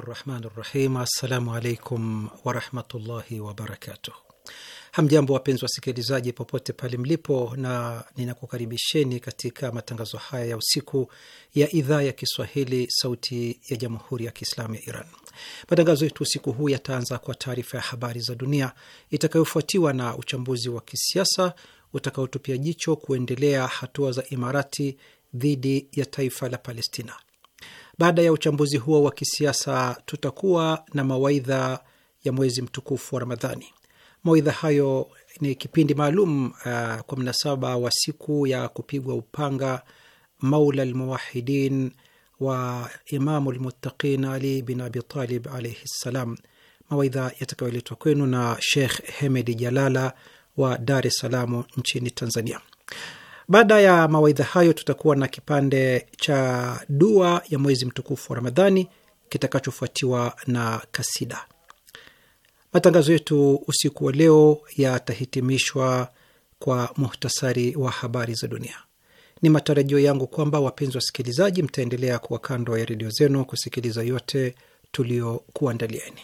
rahmani rahim. Assalamu alaikum warahmatullahi wabarakatuh. Hamjambo wapenzi wasikilizaji, popote pale mlipo, na ninakukaribisheni katika matangazo haya ya usiku ya idhaa ya Kiswahili sauti ya jamhuri ya kiislamu ya Iran. Matangazo yetu usiku huu yataanza kwa taarifa ya habari za dunia itakayofuatiwa na uchambuzi wa kisiasa utakaotupia jicho kuendelea hatua za Imarati dhidi ya taifa la Palestina. Baada ya uchambuzi huo wa kisiasa, tutakuwa na mawaidha ya mwezi mtukufu wa Ramadhani. Mawaidha hayo ni kipindi maalum uh, kwa mnasaba wa siku ya kupigwa upanga Maula lmuwahidin wa Imamu Lmuttaqin Ali bin Abitalib alaihi ssalam, mawaidha yatakayoletwa kwenu na Shekh Hemedi Jalala wa Dar es Salaam nchini Tanzania. Baada ya mawaidha hayo, tutakuwa na kipande cha dua ya mwezi mtukufu wa Ramadhani kitakachofuatiwa na kasida. Matangazo yetu usiku wa leo yatahitimishwa kwa muhtasari wa habari za dunia. Ni matarajio yangu kwamba wapenzi wasikilizaji, mtaendelea kuwa kando ya redio zenu kusikiliza yote tuliokuandalieni.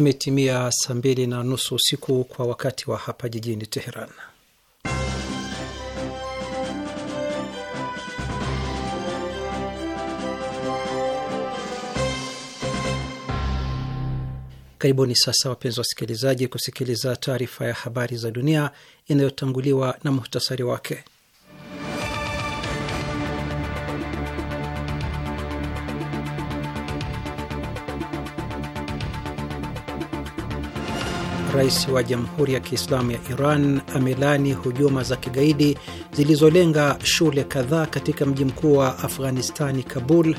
imetimia saa mbili na nusu usiku kwa wakati wa hapa jijini Teheran. Karibuni sasa, wapenzi wasikilizaji, kusikiliza taarifa ya habari za dunia inayotanguliwa na muhtasari wake. Rais wa Jamhuri ya Kiislamu ya Iran amelani hujuma za kigaidi zilizolenga shule kadhaa katika mji mkuu wa Afghanistani, Kabul.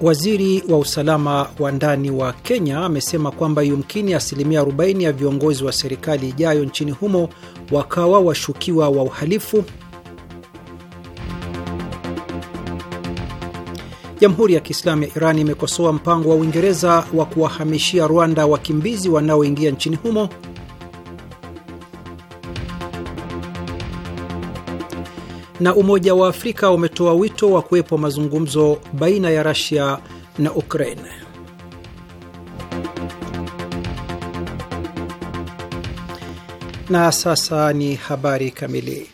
Waziri wa usalama wa ndani wa Kenya amesema kwamba yumkini asilimia 40 ya viongozi wa serikali ijayo nchini humo wakawa washukiwa wa uhalifu. Jamhuri ya Kiislamu ya Iran imekosoa mpango wa Uingereza wa kuwahamishia Rwanda wakimbizi wanaoingia nchini humo. Na Umoja wa Afrika umetoa wito wa kuwepo mazungumzo baina ya Russia na Ukraine. Na sasa ni habari kamili.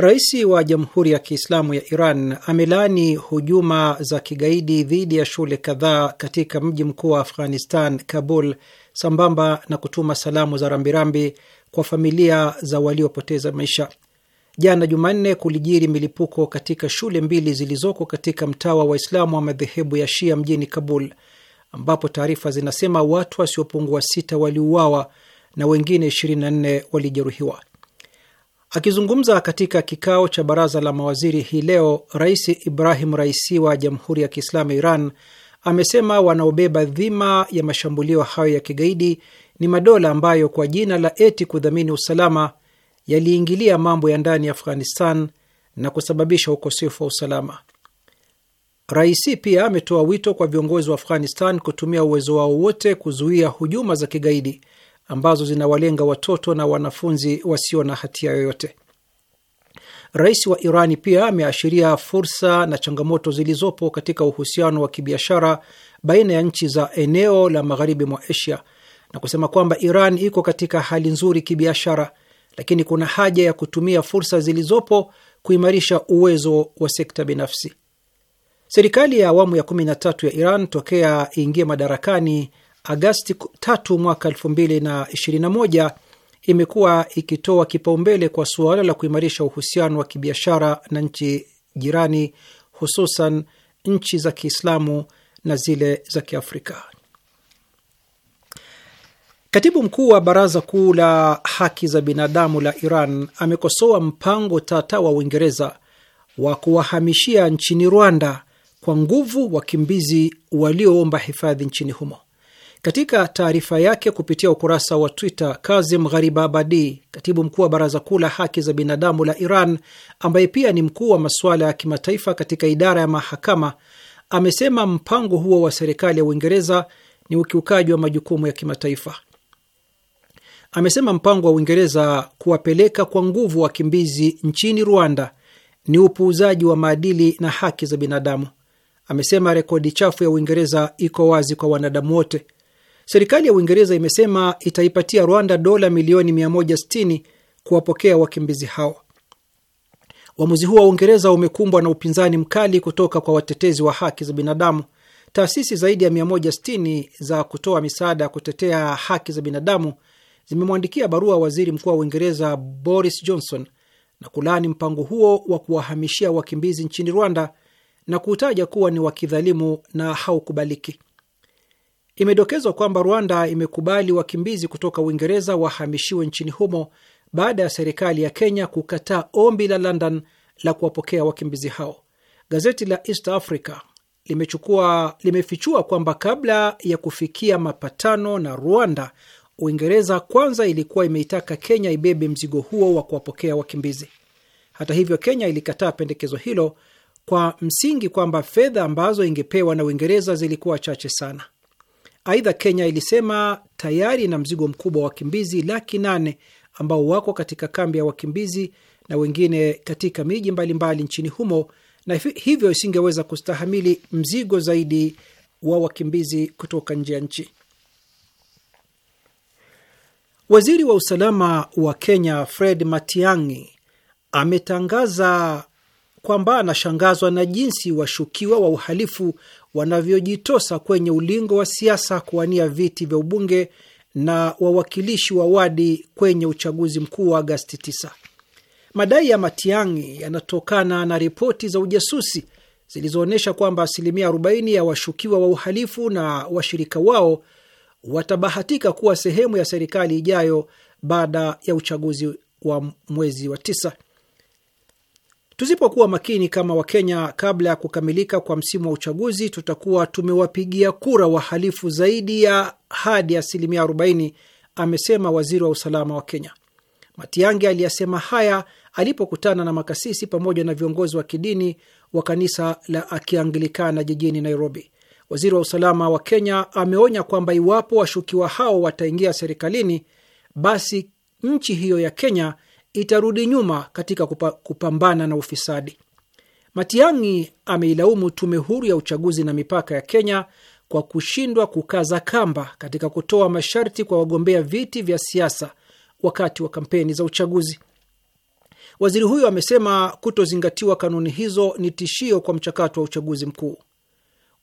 Rais wa Jamhuri ya Kiislamu ya Iran amelaani hujuma za kigaidi dhidi ya shule kadhaa katika mji mkuu wa Afghanistan, Kabul, sambamba na kutuma salamu za rambirambi kwa familia za waliopoteza maisha. Jana Jumanne kulijiri milipuko katika shule mbili zilizoko katika mtaa wa Waislamu wa madhehebu ya Shia mjini Kabul, ambapo taarifa zinasema watu wasiopungua sita waliuawa na wengine 24 walijeruhiwa. Akizungumza katika kikao cha baraza la mawaziri hii leo, Rais Ibrahim Raisi wa Jamhuri ya Kiislamu Iran amesema wanaobeba dhima ya mashambulio hayo ya kigaidi ni madola ambayo kwa jina la eti kudhamini usalama yaliingilia mambo ya ndani ya Afghanistan na kusababisha ukosefu wa usalama. Raisi pia ametoa wito kwa viongozi wa Afghanistan kutumia uwezo wao wote kuzuia hujuma za kigaidi ambazo zinawalenga watoto na wanafunzi wasio na hatia yoyote. Rais wa Irani pia ameashiria fursa na changamoto zilizopo katika uhusiano wa kibiashara baina ya nchi za eneo la magharibi mwa Asia na kusema kwamba Iran iko katika hali nzuri kibiashara, lakini kuna haja ya kutumia fursa zilizopo kuimarisha uwezo wa sekta binafsi. Serikali ya awamu ya 13 ya Iran tokea iingie madarakani Agasti 3 mwaka 2021 imekuwa ikitoa kipaumbele kwa suala la kuimarisha uhusiano wa kibiashara na nchi jirani, hususan nchi za Kiislamu na zile za Kiafrika. Katibu mkuu wa Baraza Kuu la Haki za Binadamu la Iran amekosoa mpango tata wa Uingereza wa kuwahamishia nchini Rwanda kwa nguvu wakimbizi walioomba hifadhi nchini humo. Katika taarifa yake kupitia ukurasa wa Twitter, Kazim Gharibabadi, katibu mkuu wa baraza kuu la haki za binadamu la Iran, ambaye pia ni mkuu wa masuala ya kimataifa katika idara ya mahakama, amesema mpango huo wa serikali ya Uingereza ni ukiukaji wa majukumu ya kimataifa. Amesema mpango wa Uingereza kuwapeleka kwa nguvu wakimbizi nchini Rwanda ni upuuzaji wa maadili na haki za binadamu. Amesema rekodi chafu ya Uingereza iko wazi kwa wanadamu wote. Serikali ya Uingereza imesema itaipatia Rwanda dola milioni 160 kuwapokea wakimbizi hao. Uamuzi huo wa Uingereza umekumbwa na upinzani mkali kutoka kwa watetezi wa haki za binadamu. Taasisi zaidi ya 160 za kutoa misaada ya kutetea haki za binadamu zimemwandikia barua waziri mkuu wa Uingereza Boris Johnson na kulaani mpango huo wa kuwahamishia wakimbizi nchini Rwanda na kuutaja kuwa ni wakidhalimu na haukubaliki. Imedokezwa kwamba Rwanda imekubali wakimbizi kutoka Uingereza wahamishiwe nchini humo baada ya serikali ya Kenya kukataa ombi la London la kuwapokea wakimbizi hao. Gazeti la East Africa limechukua limefichua kwamba kabla ya kufikia mapatano na Rwanda, Uingereza kwanza ilikuwa imeitaka Kenya ibebe mzigo huo wa kuwapokea wakimbizi. Hata hivyo, Kenya ilikataa pendekezo hilo kwa msingi kwamba fedha ambazo ingepewa na Uingereza zilikuwa chache sana. Aidha, Kenya ilisema tayari ina mzigo mkubwa wa wakimbizi laki nane ambao wako katika kambi ya wakimbizi na wengine katika miji mbalimbali nchini humo, na hivyo isingeweza kustahamili mzigo zaidi wa wakimbizi kutoka nje ya nchi. Waziri wa usalama wa Kenya Fred Matiang'i ametangaza kwamba anashangazwa na jinsi washukiwa wa uhalifu wanavyojitosa kwenye ulingo wa siasa kuwania viti vya ubunge na wawakilishi wa wadi kwenye uchaguzi mkuu wa Agasti 9. Madai ya Matiang'i yanatokana na ripoti za ujasusi zilizoonyesha kwamba asilimia 40 ya washukiwa wa uhalifu na washirika wao watabahatika kuwa sehemu ya serikali ijayo baada ya uchaguzi wa mwezi wa tisa. Tusipokuwa makini kama Wakenya kabla ya kukamilika kwa msimu wa uchaguzi, tutakuwa tumewapigia kura wahalifu zaidi ya hadi asilimia 40, amesema waziri wa usalama wa Kenya. Matiang'i aliyasema haya alipokutana na makasisi pamoja na viongozi wa kidini wa kanisa la Akianglikana jijini Nairobi. Waziri wa usalama wa Kenya ameonya kwamba iwapo washukiwa hao wataingia serikalini, basi nchi hiyo ya Kenya itarudi nyuma katika kupa, kupambana na ufisadi. Matiang'i ameilaumu tume huru ya uchaguzi na mipaka ya Kenya kwa kushindwa kukaza kamba katika kutoa masharti kwa wagombea viti vya siasa wakati wa kampeni za uchaguzi. Waziri huyo amesema kutozingatiwa kanuni hizo ni tishio kwa mchakato wa uchaguzi mkuu.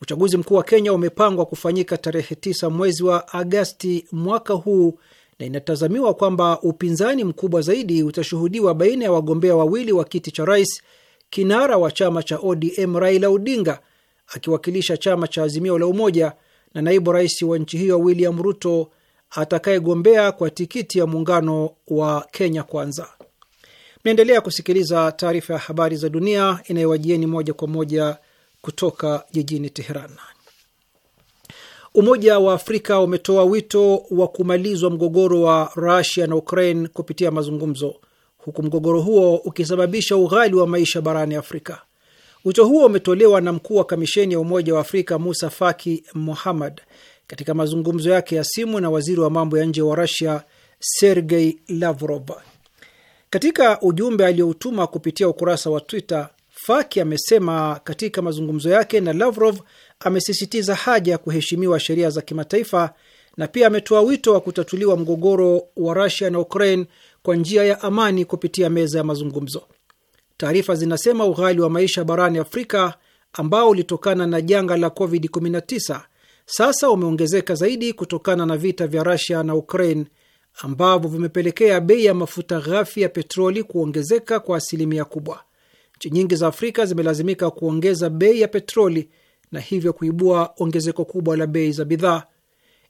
Uchaguzi mkuu wa Kenya umepangwa kufanyika tarehe 9 mwezi wa Agasti mwaka huu na inatazamiwa kwamba upinzani mkubwa zaidi utashuhudiwa baina ya wagombea wawili wa kiti cha rais, kinara wa chama cha ODM Raila Odinga akiwakilisha chama cha Azimio la Umoja na naibu rais wa nchi hiyo William Ruto atakayegombea kwa tikiti ya muungano wa Kenya Kwanza. Mnaendelea kusikiliza taarifa ya habari za dunia inayowajieni moja kwa moja kutoka jijini Teheran. Umoja wa Afrika umetoa wito wa kumalizwa mgogoro wa Rusia na Ukraine kupitia mazungumzo, huku mgogoro huo ukisababisha ughali wa maisha barani Afrika. Wito huo umetolewa na mkuu wa kamisheni ya Umoja wa Afrika Musa Faki Muhammad katika mazungumzo yake ya simu na waziri wa mambo ya nje wa Rusia Sergei Lavrov. Katika ujumbe aliyoutuma kupitia ukurasa wa Twitter, Faki amesema katika mazungumzo yake na Lavrov amesisitiza haja ya kuheshimiwa sheria za kimataifa na pia ametoa wito wa kutatuliwa mgogoro wa Rusia na Ukraine kwa njia ya amani kupitia meza ya mazungumzo. Taarifa zinasema ughali wa maisha barani Afrika ambao ulitokana na janga la COVID-19 sasa umeongezeka zaidi kutokana na vita vya Rusia na Ukraine ambavyo vimepelekea bei ya mafuta ghafi ya petroli kuongezeka kwa asilimia kubwa. Nchi nyingi za Afrika zimelazimika kuongeza bei ya petroli na hivyo kuibua ongezeko kubwa la bei za bidhaa.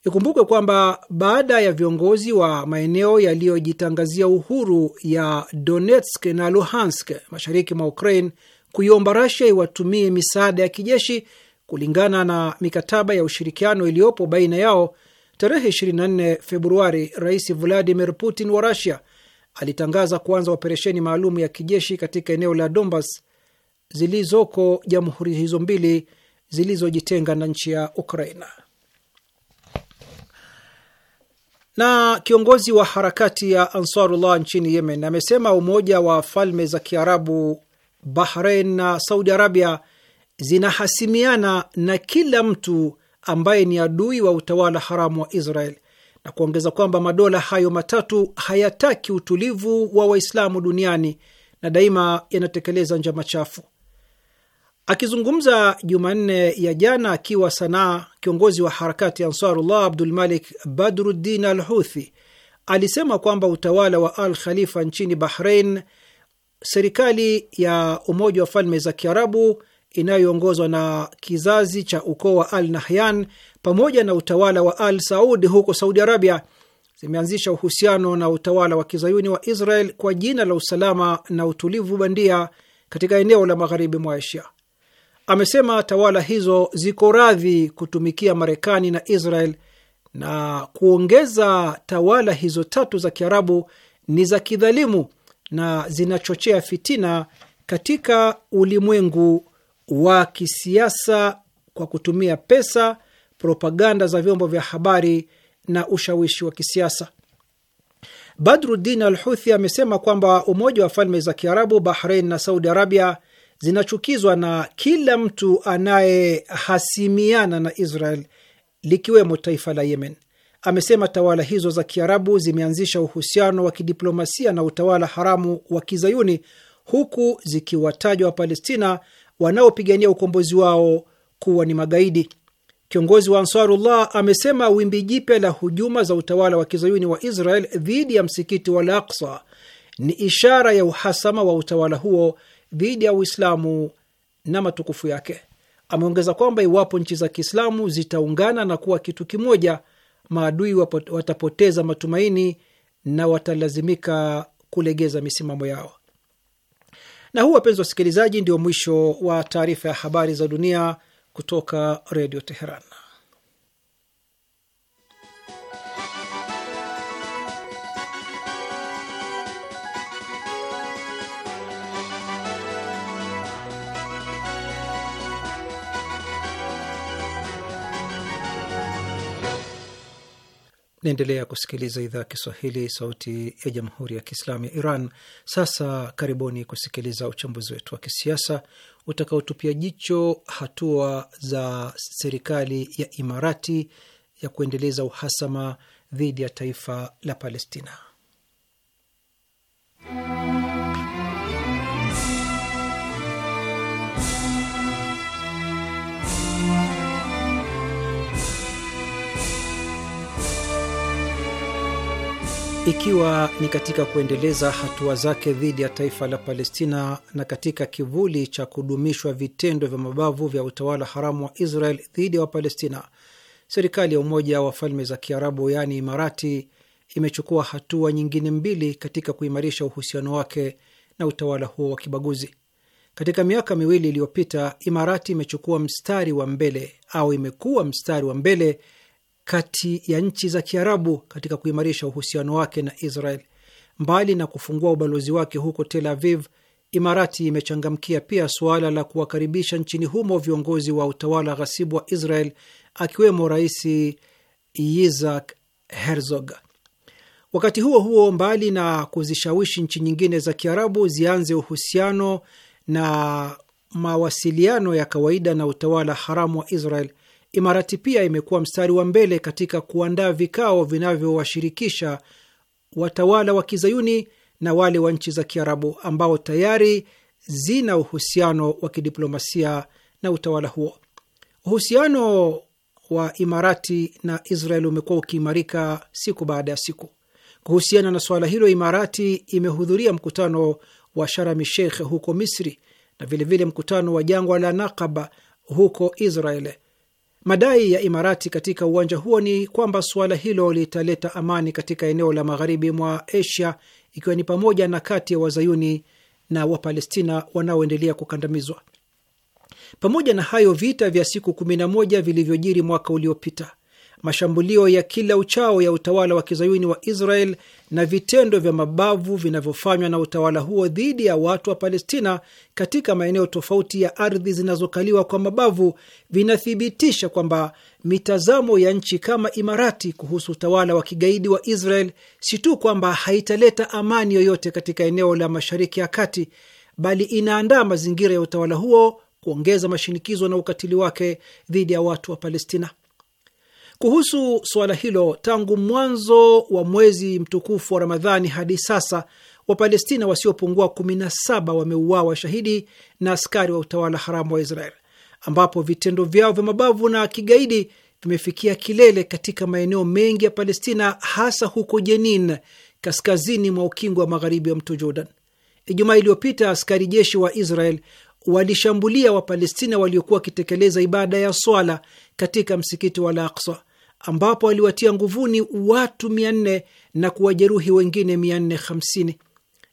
Ikumbukwe kwamba baada ya viongozi wa maeneo yaliyojitangazia uhuru ya Donetsk na Luhansk mashariki mwa Ukraine kuiomba Rasia iwatumie misaada ya kijeshi kulingana na mikataba ya ushirikiano iliyopo baina yao, tarehe 24 Februari, Rais Vladimir Putin wa Rasia alitangaza kuanza operesheni maalum ya kijeshi katika eneo la Donbas zilizoko jamhuri hizo mbili zilizojitenga na nchi ya Ukraina. Na kiongozi wa harakati ya Ansarullah nchini Yemen amesema Umoja wa Falme za Kiarabu, Bahrain na Saudi Arabia zinahasimiana na kila mtu ambaye ni adui wa utawala haramu wa Israel na kuongeza kwamba madola hayo matatu hayataki utulivu wa Waislamu duniani na daima yanatekeleza njama chafu. Akizungumza Jumanne ya jana akiwa Sanaa, kiongozi wa harakati Ansarullah Abdulmalik Badruddin al Huthi alisema kwamba utawala wa Al Khalifa nchini bahrein serikali ya Umoja wa Falme za Kiarabu inayoongozwa na kizazi cha ukoo wa Al Nahyan pamoja na utawala wa Al Saud huko Saudi Arabia zimeanzisha uhusiano na utawala wa kizayuni wa Israel kwa jina la usalama na utulivu bandia katika eneo la magharibi mwa Asia amesema tawala hizo ziko radhi kutumikia Marekani na Israel na kuongeza, tawala hizo tatu za Kiarabu ni za kidhalimu na zinachochea fitina katika ulimwengu wa kisiasa kwa kutumia pesa, propaganda za vyombo vya habari na ushawishi wa kisiasa. Badruddin Al Huthi amesema kwamba Umoja wa Falme za Kiarabu, bahrein na Saudi Arabia zinachukizwa na kila mtu anayehasimiana na Israel likiwemo taifa la Yemen. Amesema tawala hizo za Kiarabu zimeanzisha uhusiano wa kidiplomasia na utawala haramu wa Kizayuni, huku zikiwatajwa Wapalestina wanaopigania ukombozi wao kuwa ni magaidi. Kiongozi wa Ansarullah amesema wimbi jipya la hujuma za utawala wa Kizayuni wa Israel dhidi ya msikiti wa Al-Aqsa ni ishara ya uhasama wa utawala huo dhidi ya Uislamu na matukufu yake. Ameongeza kwamba iwapo nchi za Kiislamu zitaungana na kuwa kitu kimoja, maadui watapoteza matumaini na watalazimika kulegeza misimamo yao. Na huu, wapenzi wasikilizaji, ndio mwisho wa taarifa ya habari za dunia kutoka Redio Teheran. Naendelea kusikiliza idhaa ya Kiswahili, sauti ya jamhuri ya kiislamu ya Iran. Sasa karibuni kusikiliza uchambuzi wetu wa kisiasa utakaotupia jicho hatua za serikali ya Imarati ya kuendeleza uhasama dhidi ya taifa la Palestina. ikiwa ni katika kuendeleza hatua zake dhidi ya taifa la Palestina na katika kivuli cha kudumishwa vitendo vya mabavu vya utawala haramu wa Israel dhidi ya wa Wapalestina, serikali ya Umoja wa Falme za Kiarabu yaani Imarati imechukua hatua nyingine mbili katika kuimarisha uhusiano wake na utawala huo wa kibaguzi. Katika miaka miwili iliyopita, Imarati imechukua mstari wa mbele au imekuwa mstari wa mbele kati ya nchi za Kiarabu katika kuimarisha uhusiano wake na Israel. Mbali na kufungua ubalozi wake huko Tel Aviv, Imarati imechangamkia pia suala la kuwakaribisha nchini humo viongozi wa utawala ghasibu wa Israel, akiwemo Rais Yitzhak Herzog. Wakati huo huo, mbali na kuzishawishi nchi nyingine za Kiarabu zianze uhusiano na mawasiliano ya kawaida na utawala haramu wa Israel, Imarati pia imekuwa mstari wa mbele katika kuandaa vikao vinavyowashirikisha watawala wa kizayuni na wale wa nchi za Kiarabu ambao tayari zina uhusiano wa kidiplomasia na utawala huo. Uhusiano wa Imarati na Israel umekuwa ukiimarika siku baada ya siku. Kuhusiana na suala hilo, Imarati imehudhuria mkutano wa Sharami Sheikh huko Misri na vilevile vile mkutano wa jangwa la Nakaba huko Israel Madai ya Imarati katika uwanja huo ni kwamba suala hilo litaleta amani katika eneo la magharibi mwa Asia, ikiwa ni pamoja na kati ya wazayuni na wapalestina wanaoendelea kukandamizwa. Pamoja na hayo, vita vya siku 11 vilivyojiri mwaka uliopita mashambulio ya kila uchao ya utawala wa kizayuni wa Israel na vitendo vya mabavu vinavyofanywa na utawala huo dhidi ya watu wa Palestina katika maeneo tofauti ya ardhi zinazokaliwa kwa mabavu vinathibitisha kwamba mitazamo ya nchi kama Imarati kuhusu utawala wa kigaidi wa Israel si tu kwamba haitaleta amani yoyote katika eneo la Mashariki ya Kati, bali inaandaa mazingira ya utawala huo kuongeza mashinikizo na ukatili wake dhidi ya watu wa Palestina. Kuhusu suala hilo, tangu mwanzo wa mwezi mtukufu wa Ramadhani hadi sasa Wapalestina wasiopungua 17 wameuawa shahidi na askari wa utawala haramu wa Israel, ambapo vitendo vyao vya mabavu na kigaidi vimefikia kilele katika maeneo mengi ya Palestina, hasa huko Jenin, kaskazini mwa ukingo wa magharibi wa mto Jordan. Ijumaa iliyopita askari jeshi wa Israel walishambulia Wapalestina waliokuwa wakitekeleza ibada ya swala katika msikiti wa Al-Aqsa ambapo waliwatia nguvuni watu 400 na kuwajeruhi wengine 450.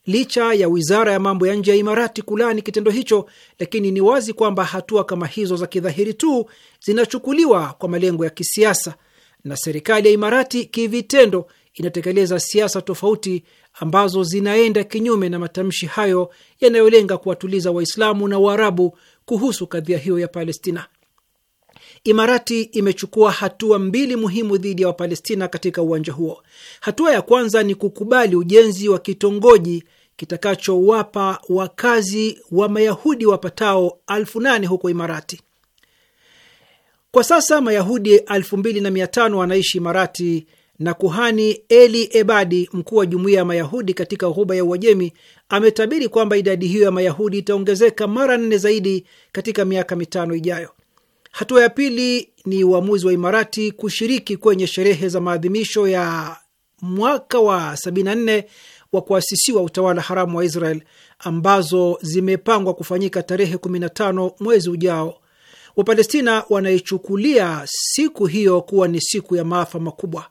Licha ya wizara ya mambo ya nje ya Imarati kulaani kitendo hicho, lakini ni wazi kwamba hatua kama hizo za kidhahiri tu zinachukuliwa kwa malengo ya kisiasa, na serikali ya Imarati kivitendo inatekeleza siasa tofauti ambazo zinaenda kinyume na matamshi hayo yanayolenga kuwatuliza Waislamu na Waarabu kuhusu kadhia hiyo ya Palestina. Imarati imechukua hatua mbili muhimu dhidi ya Wapalestina katika uwanja huo. Hatua ya kwanza ni kukubali ujenzi wa kitongoji kitakachowapa wakazi wa Mayahudi wapatao elfu nane huko Imarati. Kwa sasa Mayahudi elfu mbili na mia tano wanaishi Imarati na kuhani Eli Ebadi, mkuu wa jumuiya ya Mayahudi katika Ghuba ya Uajemi, ametabiri kwamba idadi hiyo ya Mayahudi itaongezeka mara nne zaidi katika miaka mitano ijayo. Hatua ya pili ni uamuzi wa Imarati kushiriki kwenye sherehe za maadhimisho ya mwaka wa 74 wa kuasisiwa utawala haramu wa Israel ambazo zimepangwa kufanyika tarehe 15 mwezi ujao. Wapalestina wanaichukulia siku hiyo kuwa ni siku ya maafa makubwa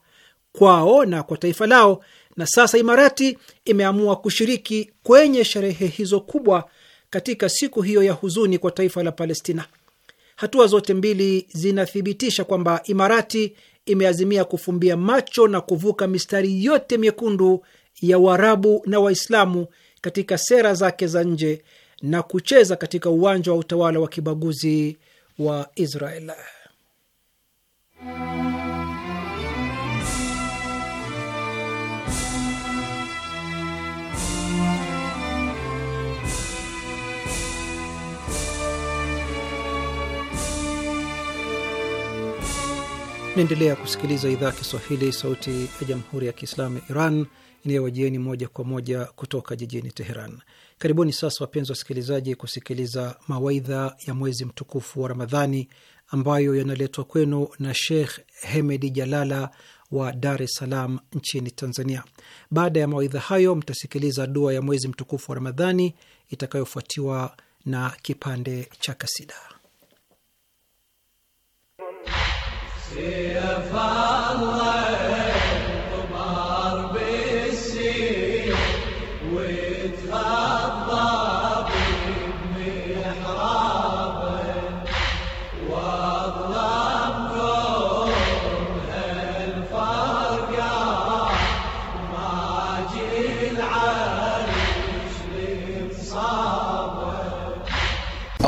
kwao na kwa taifa lao, na sasa Imarati imeamua kushiriki kwenye sherehe hizo kubwa katika siku hiyo ya huzuni kwa taifa la Palestina. Hatua zote mbili zinathibitisha kwamba Imarati imeazimia kufumbia macho na kuvuka mistari yote miekundu ya Waarabu na Waislamu katika sera zake za nje na kucheza katika uwanja wa utawala wa kibaguzi wa Israel. Naendelea kusikiliza idhaa ya Kiswahili, sauti ya jamhuri ya kiislamu ya Iran inayowajieni moja kwa moja kutoka jijini Teheran. Karibuni sasa, wapenzi wasikilizaji, kusikiliza mawaidha ya mwezi mtukufu wa Ramadhani ambayo yanaletwa kwenu na Sheikh Hemedi Jalala wa Dar es Salaam nchini Tanzania. Baada ya mawaidha hayo, mtasikiliza dua ya mwezi mtukufu wa Ramadhani itakayofuatiwa na kipande cha kasida. Allah.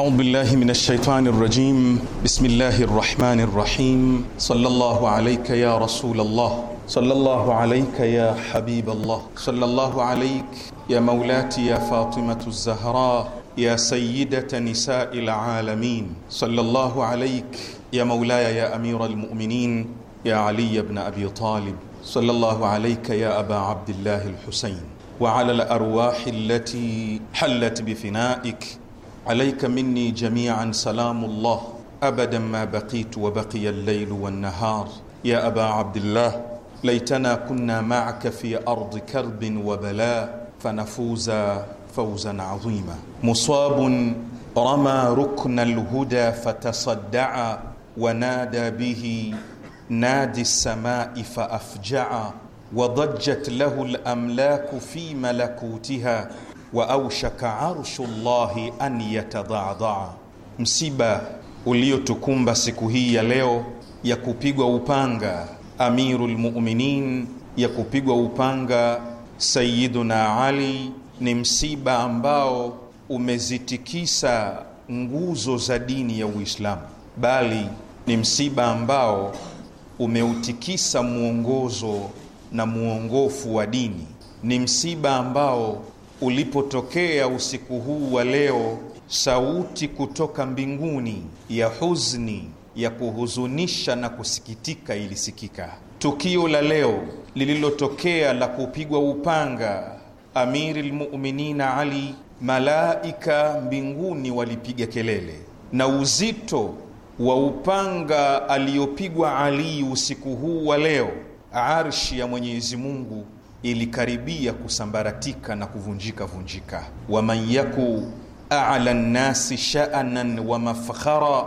أعوذ بالله من الشيطان الرجيم بسم الله الرحمن الرحيم صلى الله عليك يا رسول الله صلى الله عليك يا حبيب الله صلى الله عليك يا مولاتي يا فاطمة الزهراء يا سيدة نساء العالمين صلى الله عليك يا مولاي يا أمير المؤمنين يا علي بن أبي طالب صلى الله عليك يا أبا عبد الله الحسين وعلى الأرواح التي حلت بفنائك عليك مني جميعا سلام الله ابدا ما بقيت وبقي الليل والنهار يا ابا عبد الله ليتنا كنا معك في ارض كرب وبلاء فنفوز فوزا عظيما مصاب رمى ركن الهدى فتصدعا ونادى به نادي السماء فافجعا وضجت له الاملاك في ملكوتها wa aushaka arshu llahi an yatadhaadhaa, msiba uliotukumba siku hii ya leo ya kupigwa upanga amiru lmuminin, ya kupigwa upanga sayiduna Ali, ni msiba ambao umezitikisa nguzo za dini ya Uislamu, bali ni msiba ambao umeutikisa mwongozo na mwongofu wa dini. Ni msiba ambao ulipotokea usiku huu wa leo sauti kutoka mbinguni ya huzni ya kuhuzunisha na kusikitika ilisikika. Tukio la leo lililotokea la kupigwa upanga Amiri lmuminina Ali, malaika mbinguni walipiga kelele, na uzito wa upanga aliyopigwa Ali usiku huu wa leo, arshi ya Mwenyezi Mungu ilikaribia kusambaratika na kuvunjika vunjika. waman yaku ala nnasi sha'nan wa mafkhara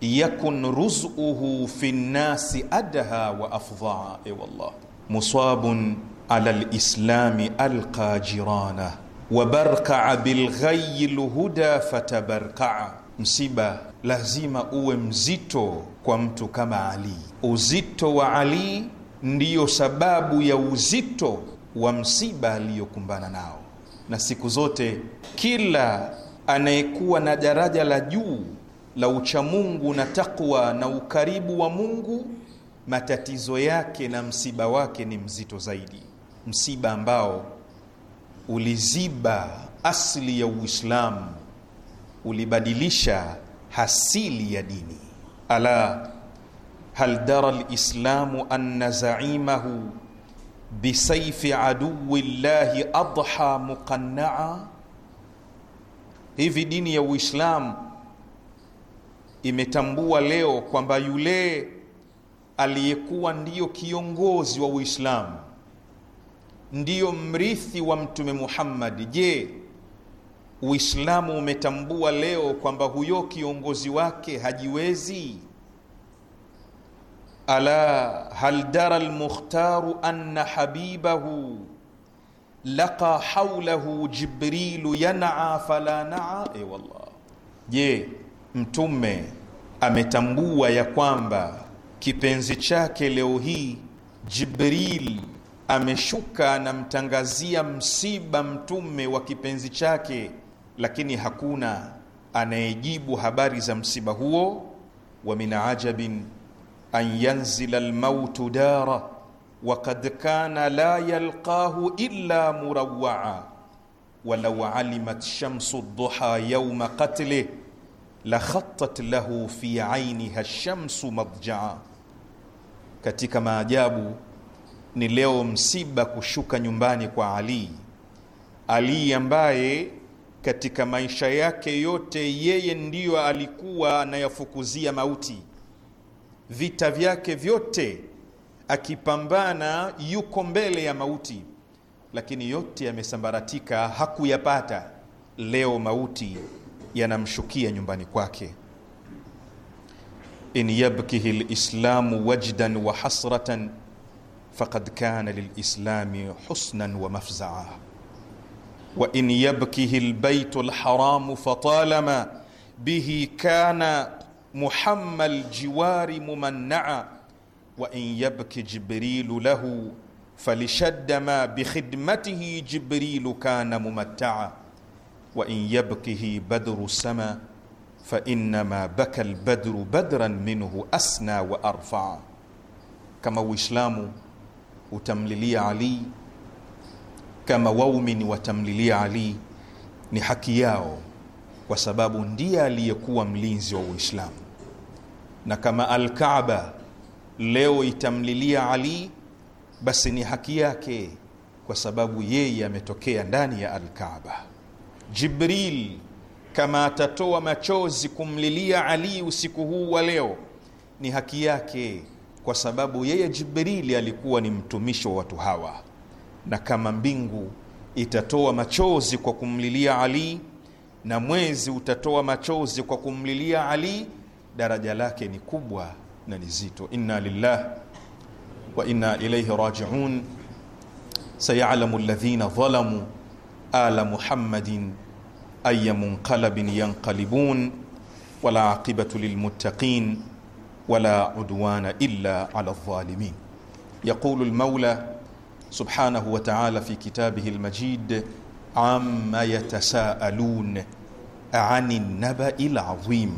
yakun ruzuhu fi nnasi adha wa afdhaa. E wallah musabun ala lislami alqa jirana wabarkaa bilghayi lhuda fatabarkaa. Msiba lazima uwe mzito kwa mtu kama Ali. Uzito wa Ali ndiyo sababu ya uzito wa msiba aliyokumbana nao. Na siku zote kila anayekuwa na daraja la juu la uchamungu na takwa na ukaribu wa Mungu, matatizo yake na msiba wake ni mzito zaidi, msiba ambao uliziba asili ya Uislamu, ulibadilisha hasili ya dini. ala hal dara lislamu anna zaimahu bisaifi aduwi llahi adha muqannaa. Hivi dini ya Uislamu imetambua leo kwamba yule aliyekuwa ndiyo kiongozi wa Uislamu ndiyo mrithi wa Mtume Muhammad. Je, Uislamu umetambua leo kwamba huyo kiongozi wake hajiwezi? ala hal dara almukhtaru anna habibahu laqa haulahu jibrilu yanaa fala naa. E, wallah, je, mtume ametambua ya kwamba kipenzi chake leo hii Jibril ameshuka anamtangazia msiba mtume wa kipenzi chake, lakini hakuna anayejibu habari za msiba huo. wa min ajabin an yanzila almautu dara wa kad kana la yalqahu illa murawaa walau alimat shamsu duha yauma qatlih lakhatat lahu fi ainiha shamsu madjaa. Katika maajabu ni leo msiba kushuka nyumbani kwa Ali, Ali ambaye katika maisha yake yote yeye ndiyo alikuwa anayafukuzia mauti vita vyake vyote, akipambana yuko mbele ya mauti, lakini yote yamesambaratika, hakuyapata. Leo mauti yanamshukia nyumbani kwake. in yabkihi lislamu wajdan wa hasratan fakad kana lilislami husnan wa mafzaa wa in yabkihi lbaitu lharamu fatalama bihi kana muhammal jiwari mumannaa wa in yabki jibrilu lahu falishadda ma bikhidmatihi jibrilu kana mumattaa wa in yabkihi badru sama fainama baka lbadru badran minhu asna wa arfaa. Kama Uislamu utamlilia Ali, kama waumini watamlilia Ali, ni haki yao, kwa sababu ndiye aliyekuwa mlinzi wa Uislamu na kama Alkaaba leo itamlilia Ali, basi ni haki yake, kwa sababu yeye ametokea ndani ya Alkaaba. Jibril kama atatoa machozi kumlilia Ali usiku huu wa leo, ni haki yake, kwa sababu yeye Jibrili alikuwa ni mtumishi wa watu hawa. Na kama mbingu itatoa machozi kwa kumlilia Ali na mwezi utatoa machozi kwa kumlilia Ali daraja lake ni kubwa na ni zito inna lillah wa inna ilayhi rajiun sayalamu alladhina zalamu ala muhammadin aya munqalabin yanqalibun wala aqibatu lilmuttaqin wala udwana ولا عدوان الا على الظالمين يقول المولى سبحانه وتعالى في كتابه amma yatasaalun ani عن النبا العظيم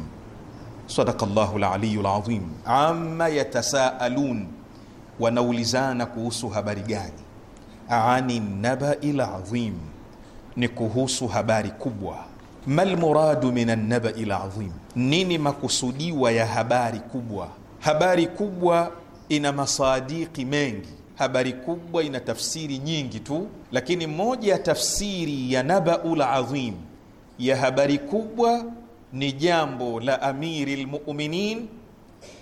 Sadaka llahu laliyu ladhim. Amma yatasaalun, wanaulizana kuhusu habari gani? Ani nabai ladhim, ni kuhusu habari kubwa. Malmuradu min annabai ladhim, nini makusudiwa ya habari kubwa? Habari kubwa ina masadiki mengi, habari kubwa ina tafsiri nyingi tu, lakini moja ya tafsiri ya nabaul adhim ya habari kubwa ni jambo la amiri lmuminin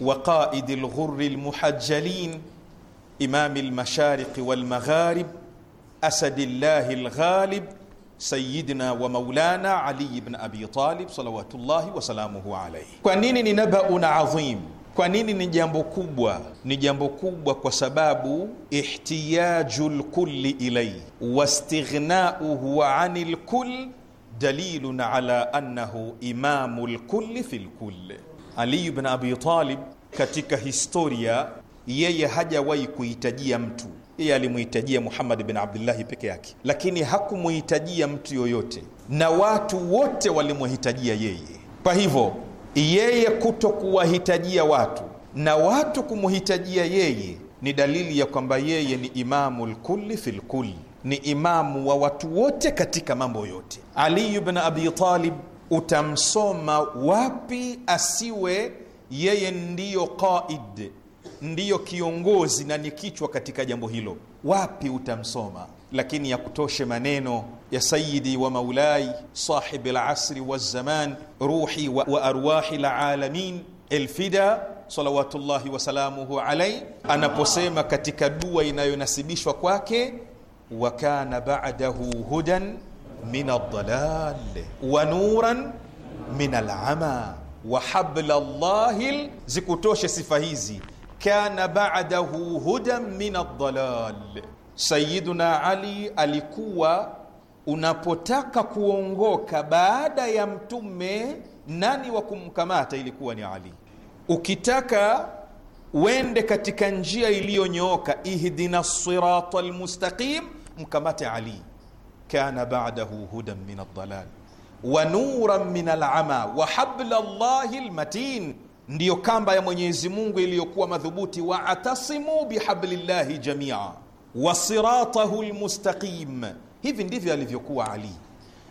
wa qaidi lghurri lmuhajjalin imami lmashariqi walmagharib asadillahi lghalib sayidina wa maulana Ali bn Abi Talib salawatullahi wasalamuhu alaihi. Kwa nini ni nabaun adhim? Kwa nini ni jambo kubwa? Ni jambo kubwa kwa sababu ihtiyaju lkulli ilaihi wastighnauhu ani lkull dalilun ala annahu imamu lkulli fi lkulli. Ali bn Abi Talib katika historia yeye hajawahi kuhitajia mtu, yeye alimuhitajia Muhammad bin Abdullahi peke yake, lakini hakumuhitajia mtu yoyote, na watu wote walimuhitajia yeye. Kwa hivyo yeye kuto kuwahitajia watu na watu kumuhitajia yeye ni dalili ya kwamba yeye ni imamu lkulli fi lkulli ni imamu wa watu wote katika mambo yote. Ali ibn Abi Talib utamsoma wapi asiwe yeye ndiyo qaid, ndiyo kiongozi na ni kichwa katika jambo hilo? Wapi utamsoma? Lakini ya kutoshe maneno ya sayidi wa maulai sahibi lasri wazaman ruhi wa, wa arwahi lalamin elfida salawatullahi wasalamuhu alaih, anaposema katika dua inayonasibishwa kwake wa kana ba'dahu hudan min ad-dalal wa nuran min al-ama wa habla llahi, zikutoshe sifa hizi. Kana ba'dahu hudan min ad-dalal. Sayyiduna Ali alikuwa, unapotaka kuongoka baada ya Mtume, nani wa kumkamata? Ilikuwa ni Ali. Ukitaka wende katika njia iliyonyooka, ihdina siratal almustaqim mkamate Ali, kana ba'dahu hudan min ad-dalal wa nuran min al-ama wa habla llahi al-matin, ndiyo kamba ya Mwenyezi Mungu iliyokuwa madhubuti. Wa atasimu bihablillahi jamia wa siratahu al-mustaqim. Hivi ndivyo alivyokuwa Ali,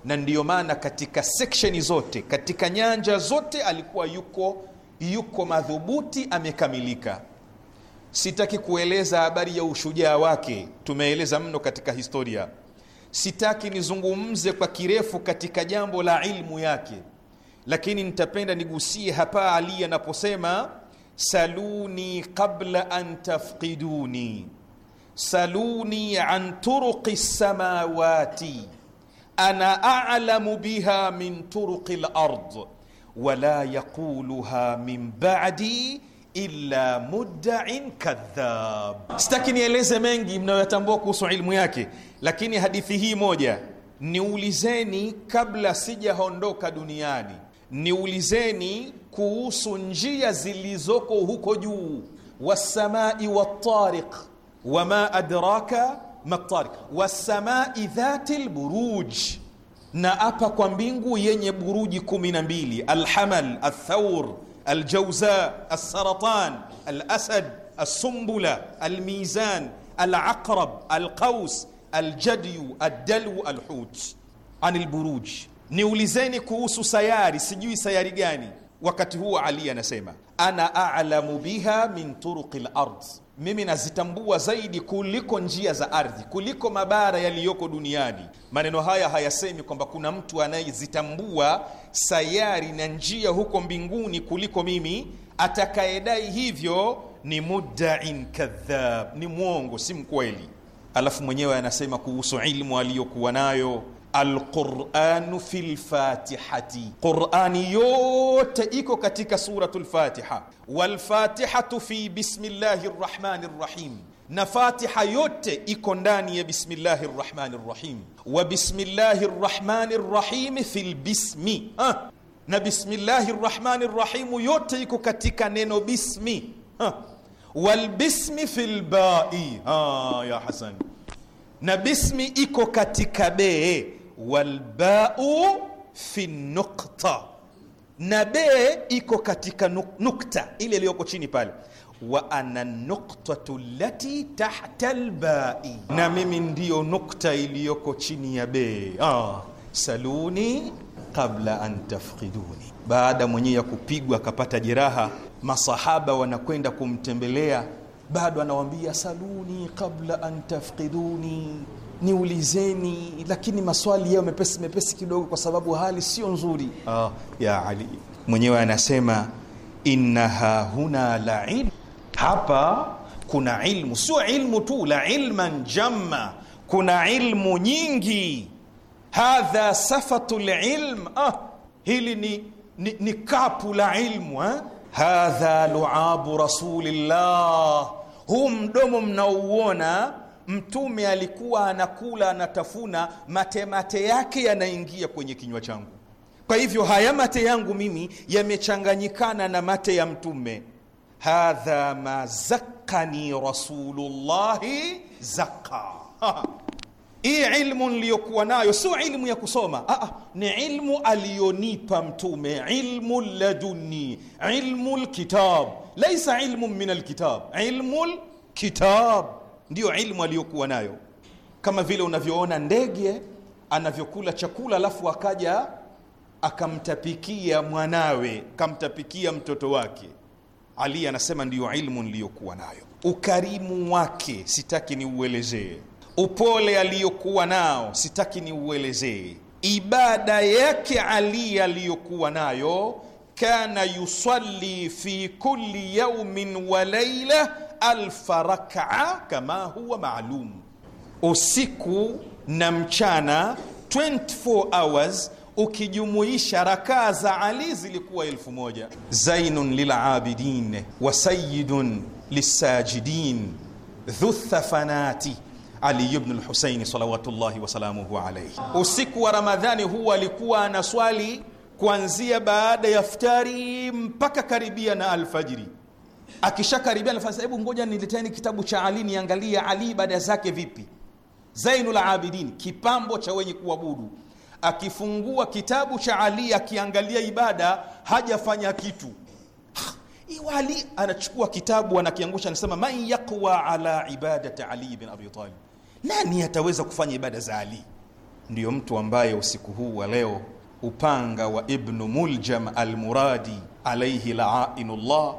na ndiyo maana katika seksheni zote, katika nyanja zote alikuwa yuko yuko madhubuti, amekamilika. Sitaki kueleza habari ya ushujaa wake, tumeeleza mno katika historia. Sitaki nizungumze kwa kirefu katika jambo la ilmu yake, lakini nitapenda nigusie hapa Ali anaposema saluni qabla an tafqiduni saluni an turuqi samawati ana a'lamu biha min turuqi lard wala yaquluha min ba'di illa muddain kadhab. Sitaki nieleze mengi mnayoyatambua kuhusu ilmu yake, lakini hadithi hii moja niulizeni, kabla sijaondoka duniani, niulizeni kuhusu njia zilizoko huko juu, wassamai wattariq wama adraka matariq wassamai dhati lburuj, na apa kwa mbingu yenye buruji kumi na mbili, alhamal athaur الجوزاء السرطان الأسد السنبلة الميزان العقرب القوس الجدي الدلو الحوت عن البروج niulizeni kuhusu sayari sijui sayari gani wakati huo ali anasema ana a'lamu biha min turuqi al-ard mimi nazitambua zaidi kuliko njia za ardhi, kuliko mabara yaliyoko duniani. Maneno haya hayasemi kwamba kuna mtu anayezitambua sayari na njia huko mbinguni kuliko mimi. Atakayedai hivyo ni muddain kadhab, ni mwongo, si mkweli. Alafu mwenyewe anasema kuhusu ilmu aliyokuwa nayo Alquranu fi lfatihati, Qurani yote iko katika suratu lfatiha. Walfatihatu fi bismillahi rrahmani rrahim, na fatiha yote iko ndani ya bismillahi rrahmani rrahim. Wa bismillahi rrahmani rrahimi fi lbismi ha. Na bismillahi rrahmani rrahimu yote iko katika neno bismi ha. Walbismi fi lbai ya Hasan, na bismi iko katika bee walbau fi nukta, na be iko katika nukta ile iliyoko chini pale wa ana nuktatu lati tahta albai, na mimi ndiyo nukta iliyoko chini ya be. Ah, saluni qabla an tafkiduni. baada mwenyewe ya kupigwa akapata jeraha, masahaba wanakwenda kumtembelea, bado anawambia saluni qabla an tafkiduni niulizeni, lakini maswali yao mepesi mepesi kidogo, kwa sababu hali sio nzuri. Oh, ya Ali mwenyewe anasema inna hahuna la ilm hapa kuna ilmu, sio ilmu tu, la ilman jamma, kuna ilmu nyingi. Hadha safatu lilm, ah, hili ni, ni, ni kapu la ilmu eh? Hadha luabu rasulillah, huu mdomo mnauona mtume alikuwa anakula anatafuna, mate mate yake yanaingia kwenye kinywa changu. Kwa hivyo haya mate yangu mimi yamechanganyikana na mate ya mtume. hadha ma zakkani rasulullahi zakka Hii ilmu niliyokuwa nayo sio ilmu ya kusoma. Aa, ah, ah, ni ilmu aliyonipa Mtume, ilmu laduni, ilmu lkitab, laisa ilmu min alkitab, ilmu lkitab ndiyo ilmu aliyokuwa nayo, kama vile unavyoona ndege anavyokula chakula alafu akaja akamtapikia mwanawe, kamtapikia mtoto wake. Ali anasema ndiyo ilmu niliyokuwa nayo. Ukarimu wake sitaki niuelezee, upole aliyokuwa nao sitaki niuelezee. Ibada yake Ali aliyokuwa nayo, kana yusalli fi kulli yaumin wa laila alfa rakaa kama huwa maalum, usiku na mchana 24 hours ukijumuisha rakaa za Ali zilikuwa elfu moja. Zainun lilabidin wa sayidun lisajidin dhu thafanati Ali ibn al-Husaini salawatullahi wasalamuhu alaihi. Usiku wa Ramadhani huwa alikuwa anaswali kuanzia baada ya iftari mpaka karibia na alfajiri akishakaribia nafasi, hebu ngoja nileteni kitabu cha Ali niangalie Ali ibada zake vipi, Zainul Abidin, kipambo cha wenye kuabudu. Akifungua kitabu cha Ali akiangalia ibada, hajafanya kitu. Iwa Ali anachukua kitabu anakiangusha, anasema man yaqwa ala ibadati Ali bin Abi Talib, nani ataweza kufanya ibada za Ali? Ndiyo mtu ambaye usiku huu wa leo upanga wa Ibnu Muljam Almuradi alaihi laainullah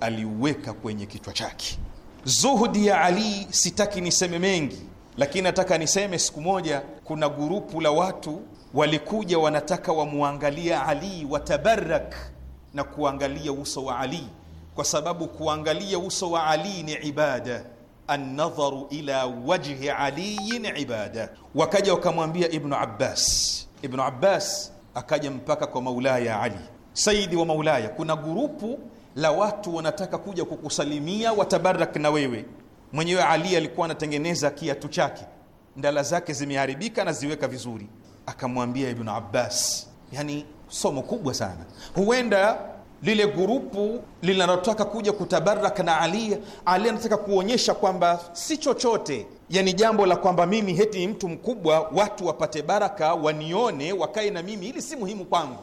aliuweka kwenye kichwa chake. Zuhudi ya Ali, sitaki niseme mengi, lakini nataka niseme, siku moja kuna gurupu la watu walikuja wanataka wamwangalia Ali, watabarak na kuangalia uso wa Ali, kwa sababu kuangalia uso wa Ali ni ibada Annadharu ila wajhi aliyin ibada. Wakaja wakamwambia Ibnu Abbas, Ibnu Abbas akaja mpaka kwa maulaya Ali, saidi wa maulaya. Kuna gurupu la watu wanataka kuja kukusalimia watabarak na wewe. Mwenyewe Ali alikuwa anatengeneza kiatu chake, ndala zake zimeharibika, anaziweka vizuri. Akamwambia Ibnu Abbas, yani somo kubwa sana, huenda lile gurupu linalotaka kuja kutabarak na Ali, Ali anataka kuonyesha kwamba si chochote, yani jambo la kwamba mimi heti ni mtu mkubwa, watu wapate baraka, wanione, wakae na mimi, ili si muhimu kwangu.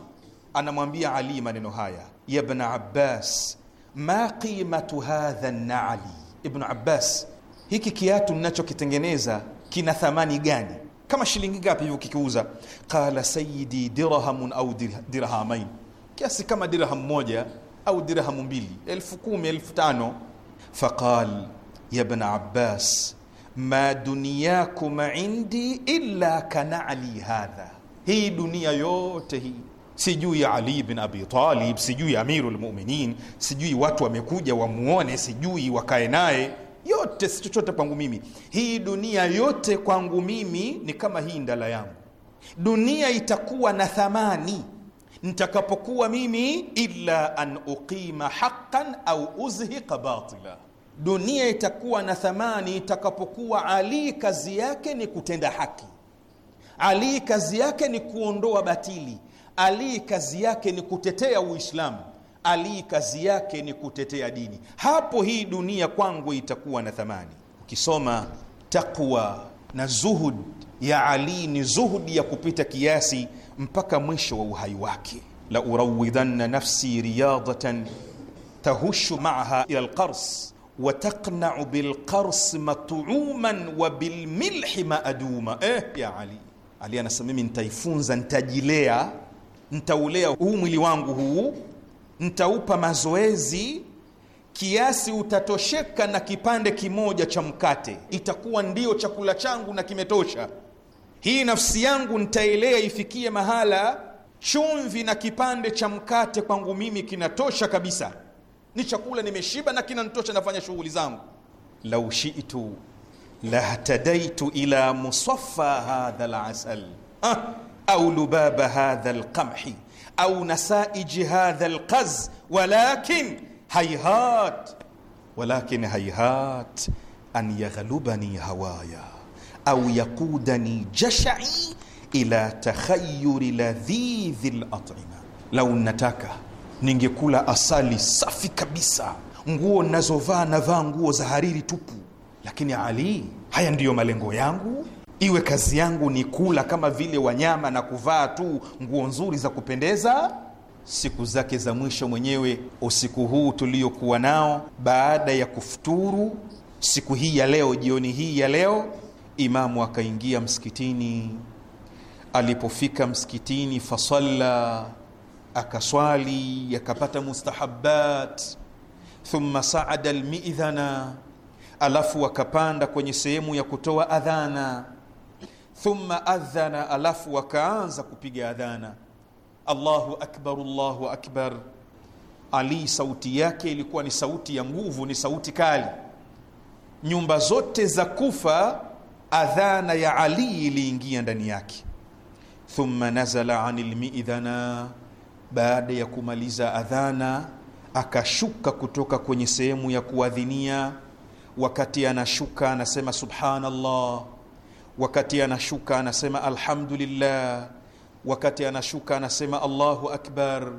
Anamwambia Ali maneno haya ya Ibn Abbas, ma qimatu hadha an-na'li, Ibn Abbas, hiki kiatu ninachokitengeneza kina thamani gani? Kama shilingi ngapi hivyo kikiuza? Qala sayyidi dirhamun au dirhamain, kiasi kama dirham moja au dirhamu mbili, elfu kumi, elfu tano. Faqal ya Ibn Abbas, ma dunyakum indi illa kana'li hadha, hii dunia yote hii sijui ya Ali bin Abi Talib, sijui Amirul Mu'minin, sijui watu wamekuja wamuone, sijui wakae naye. Yote si chochote kwangu mimi. Hii dunia yote kwangu mimi ni kama hii ndala yangu. Dunia itakuwa na thamani nitakapokuwa mimi, illa an uqima haqqan au uzhiqa batila. Dunia itakuwa na thamani itakapokuwa Ali kazi yake ni kutenda haki, Ali kazi yake ni kuondoa batili ali kazi yake ni kutetea Uislamu. Ali kazi yake ni kutetea dini. Hapo hii dunia kwangu itakuwa na thamani. Ukisoma takwa na zuhud ya Ali ni zuhudi ya kupita kiasi mpaka mwisho wa uhai wake. la urawidhanna nafsi riyadatan tahushu maaha ila lqars wa taqnau bilqars matuuman wa bilmilhi maaduma. Eh, ya Ali, Ali anasema mimi nitaifunza, nitajilea ntaulea huu mwili wangu huu, ntaupa mazoezi kiasi utatosheka na kipande kimoja cha mkate, itakuwa ndio chakula changu na kimetosha. Hii nafsi yangu ntaelea ifikie mahala chumvi na kipande cha mkate kwangu mimi kinatosha kabisa, ni chakula nimeshiba na kinanitosha, nafanya shughuli zangu. lau shitu lahtadaitu ila musaffa hadha lasal ah au lubaba hadha lqamhi au nasaiji hadha lqaz, walakin hayhat, walakin hayhat an yaghlubani hawaya au yaqudani jashai ila takhayuri ladhidhi latima. Lau nataka ningekula asali safi kabisa, nguo nazovaa navaa nguo za hariri tupu, lakini Ali, haya ndiyo malengo yangu iwe kazi yangu ni kula kama vile wanyama na kuvaa tu nguo nzuri za kupendeza siku zake za mwisho mwenyewe. Usiku huu tuliokuwa nao baada ya kufuturu siku hii ya leo, jioni hii ya leo, imamu akaingia msikitini. Alipofika msikitini, fasalla, akaswali, akapata mustahabat, thumma saada almidhana, alafu akapanda kwenye sehemu ya kutoa adhana thumma adhana, alafu wakaanza kupiga adhana, Allahu akbar, Allahu akbar. Ali sauti yake ilikuwa ni sauti ya nguvu, ni sauti kali. Nyumba zote za Kufa adhana ya Ali iliingia ndani yake. Thumma nazala anil lmidhana baada ya kumaliza adhana akashuka kutoka kwenye sehemu ya kuadhinia. Wakati anashuka anasema subhanallah Wakati anashuka anasema alhamdulillah, wakati anashuka anasema Allahu akbar,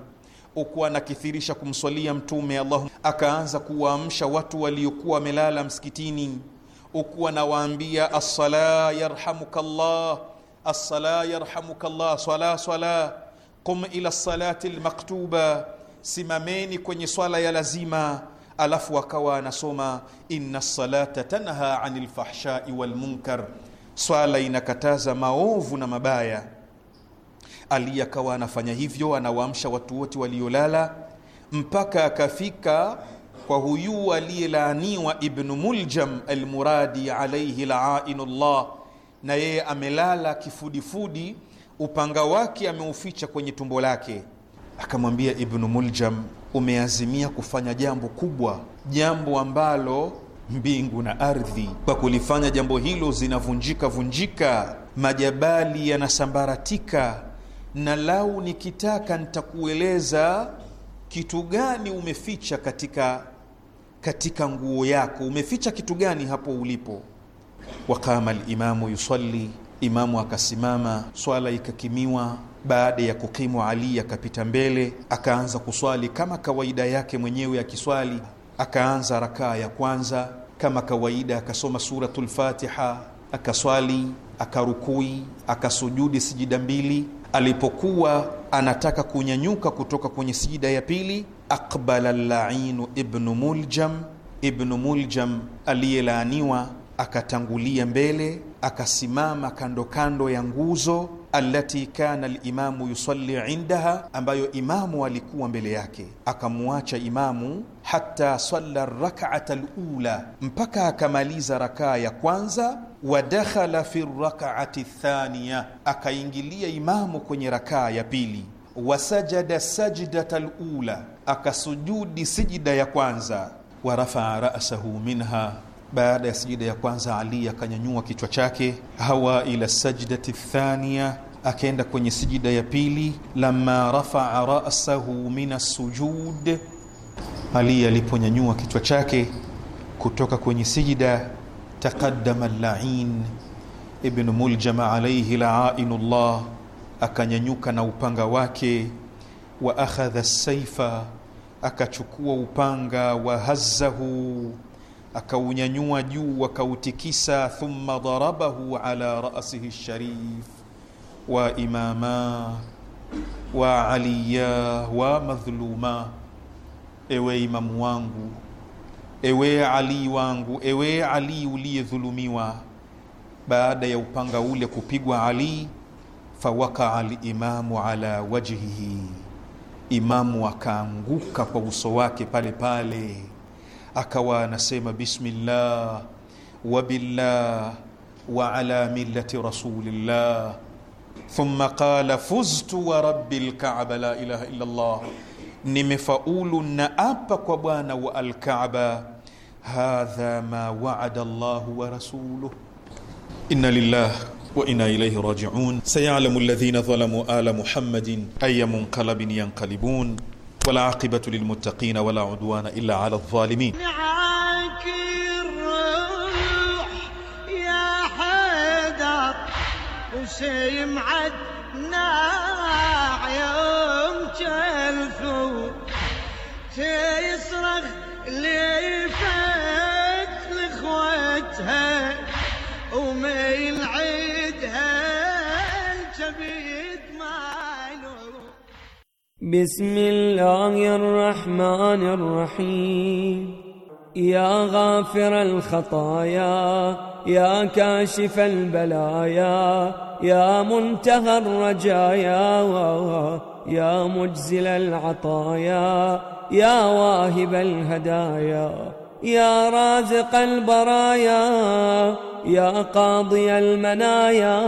huku anakithirisha kumswalia Mtume Allah. Akaanza kuwaamsha watu waliokuwa wamelala msikitini, huku anawaambia assala yarhamukallah, assala yarhamukallah, swala swala, qum ila salati lmaktuba simameni kwenye swala ya lazima alafu akawa anasoma inna salata tanha anil fahshai wal munkar Swala inakataza maovu na mabaya. Ali akawa anafanya hivyo, anawaamsha watu wote waliolala, mpaka akafika kwa huyu aliyelaaniwa Ibnu Muljam Almuradi alaihi laainullah, na yeye amelala kifudifudi, upanga wake ameuficha kwenye tumbo lake. Akamwambia Ibnu Muljam, umeazimia kufanya jambo kubwa, jambo ambalo mbingu na ardhi. Kwa kulifanya jambo hilo zinavunjika vunjika, majabali yanasambaratika, na lau nikitaka nitakueleza kitu gani umeficha katika katika nguo yako, umeficha kitu gani hapo ulipo. Waqama limamu yusalli, imamu akasimama, swala ikakimiwa. Baada ya kukimwa Ali akapita mbele akaanza kuswali kama kawaida yake mwenyewe akiswali ya Akaanza rakaa ya kwanza kama kawaida, akasoma suratul Fatiha, akaswali, akarukui, akasujudi sijida mbili. Alipokuwa anataka kunyanyuka kutoka kwenye sijida ya pili, aqbala llainu ibnu Muljam, Ibnu Muljam aliyelaaniwa, akatangulia mbele, akasimama kando kando ya nguzo allati kana alimamu yusalli indaha, ambayo imamu alikuwa mbele yake, akamwacha imamu hata salla rak'ata lula, mpaka akamaliza rakaa ya kwanza. Wa fi rak'ati thaniya, akaingilia imamu kwenye rakaa ya pili. Wasajada sajdata lula, akasujudi sijida ya kwanza. Warafaa rasahu minha baada ya sajida ya kwanza, Ali akanyanyua kichwa chake, hawa ila sajdati thania, akaenda kwenye sijida ya pili. Lama rafaa rasahu min assujud, Ali aliponyanyua kichwa chake kutoka kwenye sijida, taqaddama llain ibn muljam alayhi la'inullah, llah, akanyanyuka na upanga wake wa akhadha saifa, akachukua upanga wa hazzahu akaunyanyua juu akautikisa, thumma darabahu ala rasihi lsharif wa imama wa aliya wa madhluma. Ewe imamu wangu, ewe Ali wangu, ewe Ali uliyedhulumiwa. Baada ya upanga ule kupigwa Ali, fawakaa limamu ala wajhihi, imamu akaanguka kwa uso wake pale pale akawa anasema bismillah wabillah وعلى ملة رسول الله ثم قال فزت ورب الكعبة لا إله إلا الله نمفؤول نأب كبانا والكعبة هذا ما وعد الله ورسوله إن لله وإنا إليه راجعون سيعلم الذين ظلموا آل محمد أي منقلب ينقلبون والعاقبة للمتقين ولا عدوان إلا على الظالمين معاك الروح يا حيدر وسيمعدنا يوم جلفو تيصرخ لي ليفت لخوتها وما يلعيدها الجبين بسم الله الرحمن الرحيم يا غافر الخطايا يا كاشف البلايا يا منتهى الرجايا يا مجزل العطايا يا واهب الهدايا يا رازق البرايا يا قاضي المنايا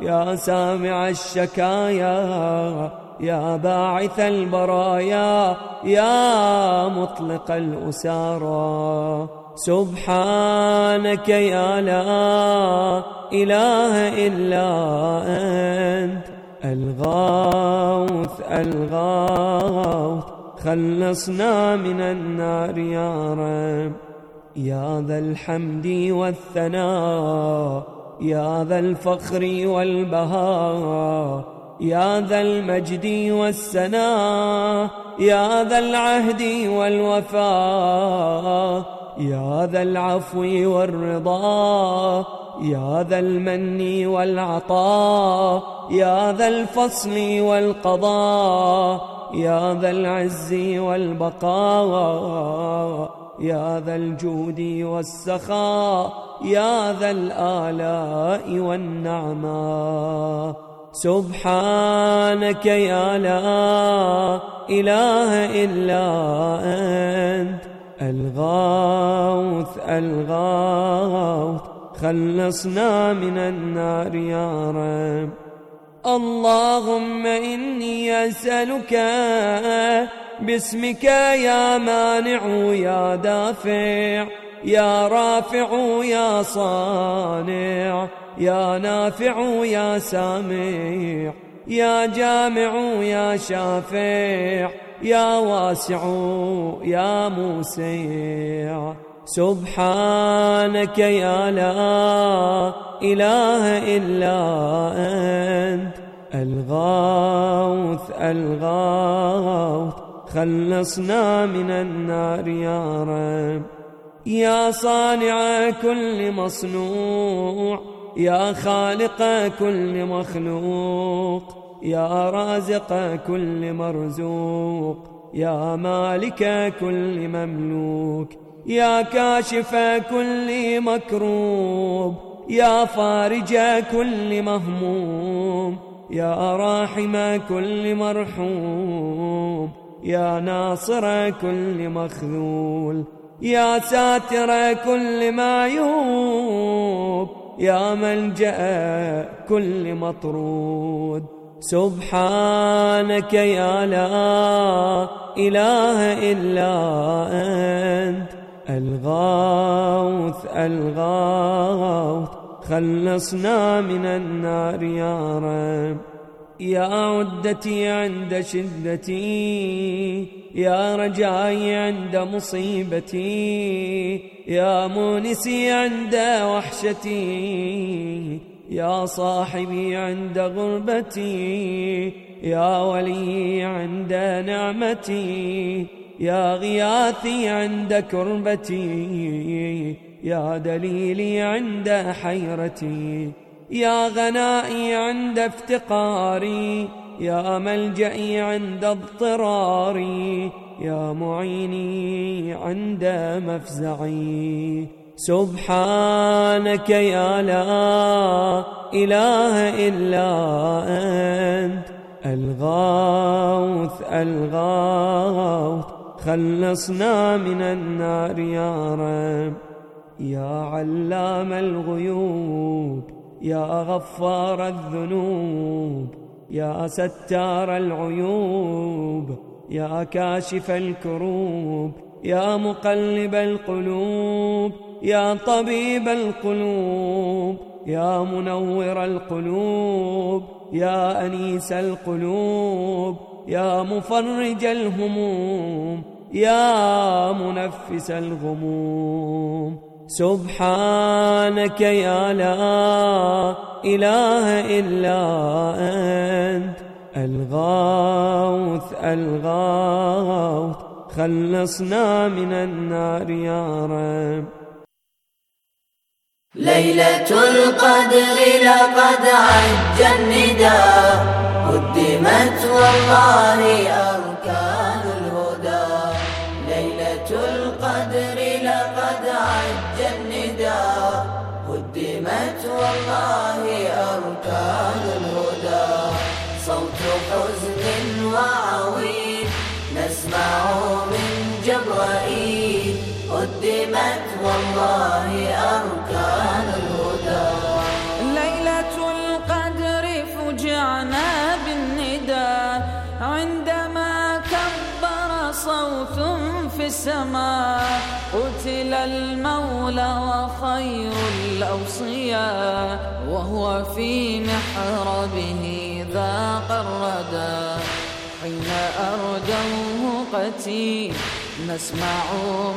يا سامع الشكايا يا باعث البرايا يا مطلق الأسارى سبحانك يا لا إله إلا أنت الغاوث الغاوث خلصنا من النار يا رب يا ذا الحمد والثناء يا ذا الفخر والبهاء يا ذا المجد والسناء يا ذا العهد والوفاء يا ذا العفو والرضا يا ذا المن والعطاء يا ذا الفصل والقضاء يا ذا العز والبقاء يا ذا الجود والسخاء يا ذا الآلاء والنعماء سبحانك يا لا إله إلا أنت الغوث الغوث خلصنا من النار يا رب اللهم إني أسألك باسمك يا مانع يا دافع يا رافع يا صانع يا نافع يا سميع يا جامع يا شافع يا واسع يا موسع سبحانك يا لا إله إلا أنت الغوث الغوث خلصنا من النار يا رب يا صانع كل مصنوع يا خالق كل مخلوق يا رازق كل مرزوق يا مالك كل مملوك يا كاشف كل مكروب يا فارج كل مهموم يا راحم كل مرحوم يا ناصر كل مخذول يا ساتر كل معيوب يا ملجأ كل مطرود سبحانك يا لا إله إلا أنت الغوث الغوث خلصنا من النار يا رب يا عدتي عند شدتي يا رجائي عند مصيبتي يا مونسي عند وحشتي يا صاحبي عند غربتي يا ولي عند نعمتي يا غياثي عند كربتي يا دليلي عند حيرتي يا غنائي عند افتقاري يا ملجئي عند اضطراري يا معيني عند مفزعي سبحانك يا لا إله إلا أنت الغوث الغوث خلصنا من النار يا رب يا علام الغيوب يا غفار الذنوب يا ستار العيوب يا كاشف الكروب يا مقلب القلوب يا طبيب القلوب يا منور القلوب يا أنيس القلوب يا مفرج الهموم يا منفس الغموم سبحانك يا لا إله إلا أنت الغوث الغوث خلصنا من النار يا رب ليلة القدر لقد عج النداء قدمت والله أرى السماء قتل المولى وخير الأوصياء وهو في محربه ذاق الردى حين أرجوه قتيل نسمع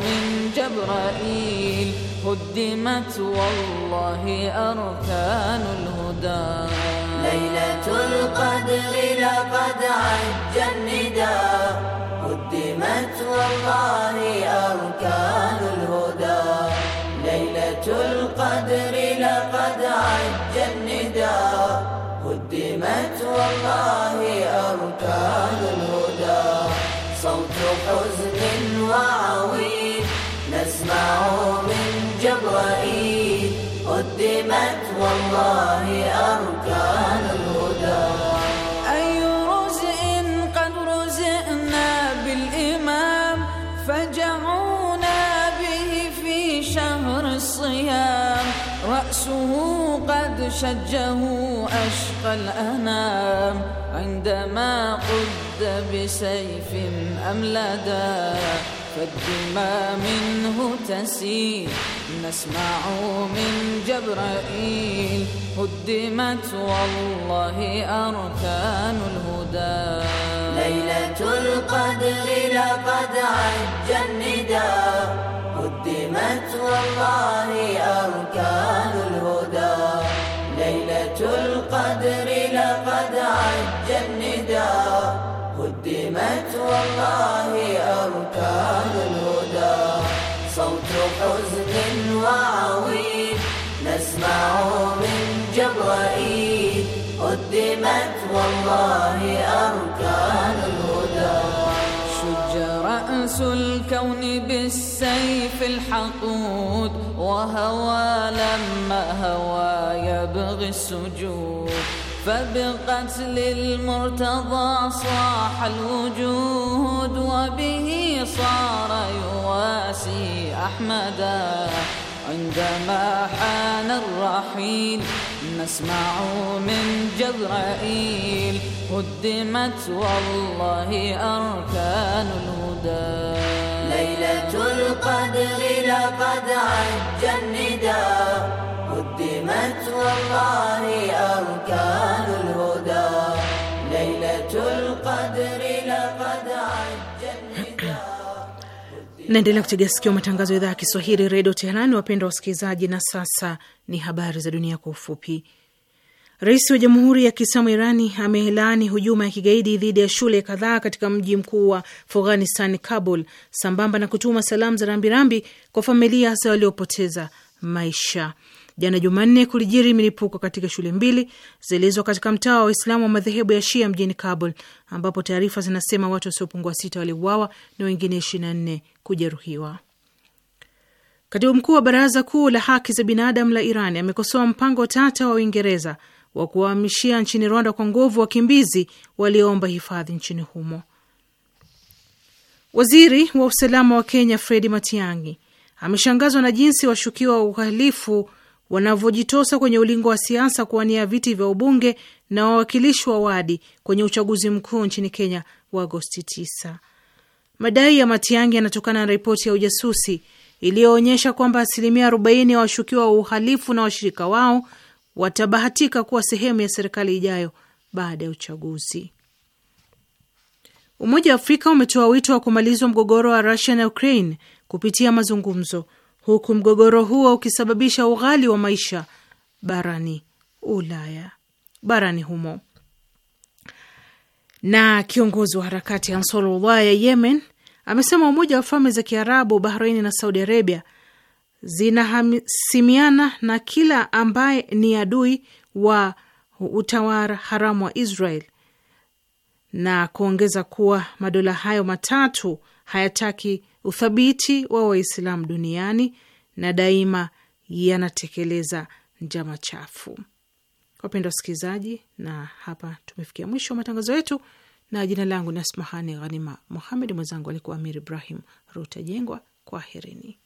من جبرائيل هدمت والله أركان الهدى ليلة القدر لقد عج النداء والله أركان الهدى ليلة القدر لقد عج النداء هدمت والله أركان الهدى صوت حزن وعويل نسمع من جبرائيل قدمت والله أركان الهدى شجه أشقى الأنام عندما قد بسيف أملدا فالدماء منه تسيل نسمع من جبرائيل هدمت والله أركان الهدى ليلة القدر لقد عج النداء هدمت والله أركان قد عج النداء هدمت والله أركان الهدى صوت حزن وعويل نسمع من جبرائيل هدمت والله أركان الهدى شج رأس الكون بالسيف الحقود وهوى لما هوى يبغي السجود فبقتل المرتضى صاح الوجود وبه صار يواسي أحمدا عندما حان الرحيل نسمع من جبرائيل هدمت والله أركان الهدى ليلة القدر لقد عج النداء Naendelea kutegea sikio matangazo ya idhaa ya Kiswahili redio Teherani, wapendwa wasikilizaji. Na sasa ni habari za dunia kwa ufupi. Rais wa Jamhuri ya Kiislamu Irani amelaani hujuma ya kigaidi dhidi ya shule kadhaa katika mji mkuu wa Afghanistan, Kabul, sambamba na kutuma salamu za rambirambi kwa familia hasa waliopoteza maisha. Jana Jumanne kulijiri milipuko katika shule mbili zilizo katika mtaa wa Waislamu wa madhehebu ya Shia mjini Kabul, ambapo taarifa zinasema watu wasiopungua sita waliuawa na wengine 24 kujeruhiwa. Katibu mkuu wa Baraza Kuu la Haki za Binadamu la Iran amekosoa mpango tata wa Uingereza wa kuwahamishia nchini Rwanda kwa nguvu wakimbizi walioomba hifadhi nchini humo. Waziri wa usalama wa Kenya Fredi Matiang'i ameshangazwa na jinsi washukiwa wa uhalifu wanavyojitosa kwenye ulingo wa siasa kuwania viti vya ubunge na wawakilishi wa wadi kwenye uchaguzi mkuu nchini Kenya wa Agosti 9. Madai ya Matiang'i yanatokana na ripoti ya ujasusi iliyoonyesha kwamba asilimia 40 ya washukiwa wa uhalifu na washirika wao watabahatika kuwa sehemu ya serikali ijayo baada ya uchaguzi. Umoja wa Afrika umetoa wito wa kumalizwa mgogoro wa Rusia na Ukraine kupitia mazungumzo huku mgogoro huo ukisababisha ughali wa maisha barani Ulaya, barani humo. Na kiongozi wa harakati Ansarullah ya Yemen amesema Umoja wa Falme za Kiarabu, Bahraini na Saudi Arabia zinahasimiana na kila ambaye ni adui wa utawala haramu wa Israel na kuongeza kuwa madola hayo matatu hayataki uthabiti wa Waislamu duniani na daima yanatekeleza njama chafu. Wapendwa wasikilizaji, na hapa tumefikia mwisho wa matangazo yetu, na jina langu ni Asmahani Ghanima Muhamed, mwenzangu alikuwa Amir Ibrahim Rutajengwa. Kwaherini.